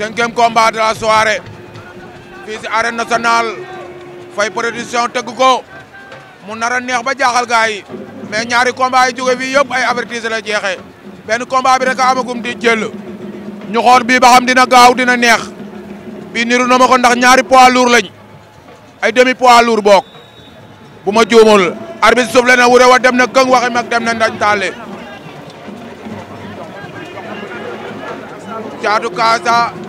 cinquième combat de la soirée fii si arène nationale Faye production tegu ko mu nara neex ba jaaxal gars yi mais ñaari combat yi jóge fii yëpp ay avertise la jeexee benn combat bi rek a amagum di jël ñu xool bii ba xam dina gaaw dina neex bii niru na ma ko ndax ñaari poids lourd lañ ay demi poids lourd book bu ma juumul arbitre soufflé na wure wa dem na këng waxi mag dem na ndañ taale caatu kaasa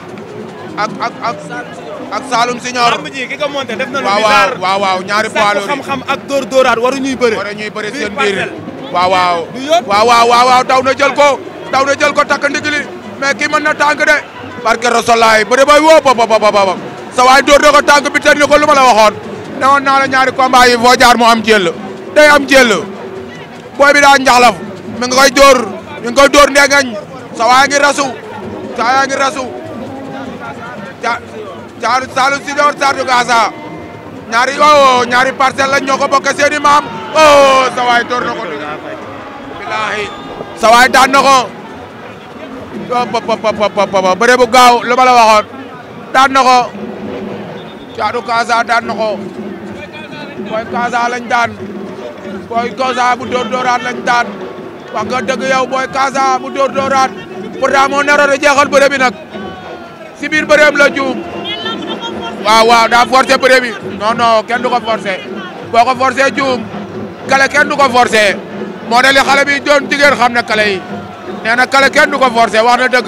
ak ak ak. ak Saloum Signor lamb ji ki ko monté def na lu bizarre waaw waaw ñaari poids loolu ñuy bëri. waru ñuy bëri seen biir waaw waaw. waaw waaw waaw daw na jël ko. daw na jël ko takk ndigli mais kii mën na tàng de. parce que Rasulaay bëri bay woo bopp bopp bopp sa waay dóor ko tàng bi tër na ko lu ma la waxoon. newoon naa la ñaari combat yi foo jaar mu am jël day am jël booy bi daa njaxlaf mi ngi koy dóor mi ngi koy dóor ndengeñ sa waay ngi rasu saa yaa ngi rasu. ca Thiatou Saloum Sidor Gaza ñaari oh ñaari parcelle lañ ñoo ko seeni maam oh sa door na ko bilahi daan na ko oh, pop la waxoon daan booy Gaza bu door dooraat lañ daan wax nga booy Gaza bu door dooraat pourtant moo naroon a jeexal bëre bi si biir bëreem la juum waaw waaw daa forcé bëre bi non non kenn du ko forcé boo ko forcé juum kale kenn du ko forcé moo ne li xale bi doon jigéen xam ne kale yi nee na kale ko forcé wax na dëgg